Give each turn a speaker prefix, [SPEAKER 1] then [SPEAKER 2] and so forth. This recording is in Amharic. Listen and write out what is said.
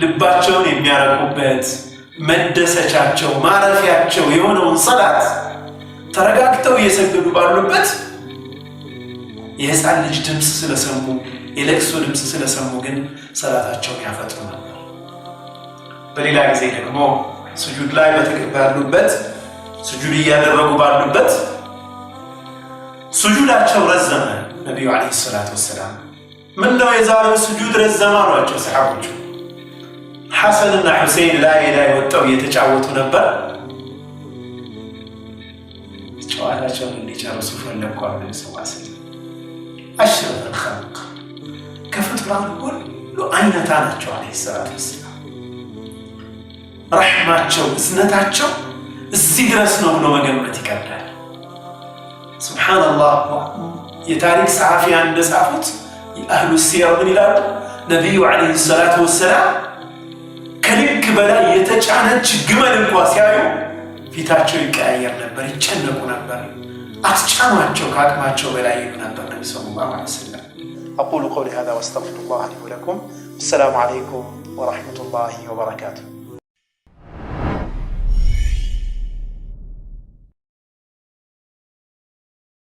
[SPEAKER 1] ልባቸውን የሚያረቁበት መደሰቻቸው ማረፊያቸው የሆነውን ሰላት ተረጋግተው እየሰገዱ ባሉበት የህፃን ልጅ ድምፅ ስለሰሙ የለቅሶ ድምፅ ስለሰሙ ግን ሰላታቸውን ያፈጥሩ ነበር። በሌላ ጊዜ ደግሞ ስጁድ ላይ ባሉበት ስጁድ እያደረጉ ባሉበት ስጁዳቸው ረዘመ። ነቢዩ ዓለይሂ ሰላቱ ወሰላም ምን ነው የዛሬው ስጁድ ረዘመ አሏቸው ሰሓቦቹ ሐሰንና ሁሴን ላይ ላይ ወጣው እየተጫወቱ ነበር። ጨዋታቸውን እንዲጨርሱ ፈለግኩ። አብን ሰዋስ አሽረፍ ልከልቅ ከፍጡራን ሁሉ አይነታ ናቸው አለ ሰላት ወሰላም። ረሕማቸው እዝነታቸው እዚህ ድረስ ነው ብሎ መገመት ይከብዳል። ሱብሓነላህ የታሪክ ጸሐፊያን እንደጻፉት የአህሉ ሲራ ምን ይላሉ? ነቢዩ ዓለይሂ ሰላቱ ወሰላም ከልክ በላይ የተጫነች ግመል እንኳ ሲያዩ ፊታቸው ይቀያየር ነበር፣ ይጨነቁ ነበር። አትጫኗቸው፣ ከአቅማቸው በላይ ይሉ ነበር ነቢ ሰለላሁ ዐለይሂ
[SPEAKER 2] አቁሉ ቀውሊ ሀዛ ወአስተግፊሩላህ ሊ ወለኩም። አሰላሙ አለይኩም ወረሕመቱላሂ ወበረካቱሁ።